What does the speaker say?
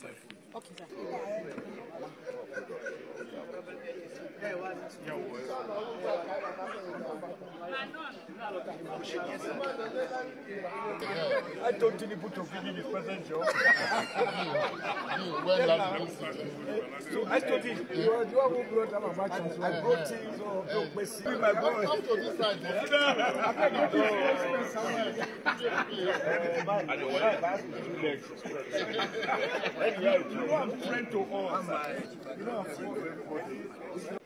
Okay, sir. I don't Tinubu to finish his present job. so I told him, you are the one who brought down my matches. I brought him, so don't mess with my boy. Come to this side. Eh? You know I'm friend to all. You know I'm friend to everybody.